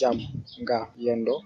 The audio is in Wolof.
jàmm nga yendoo.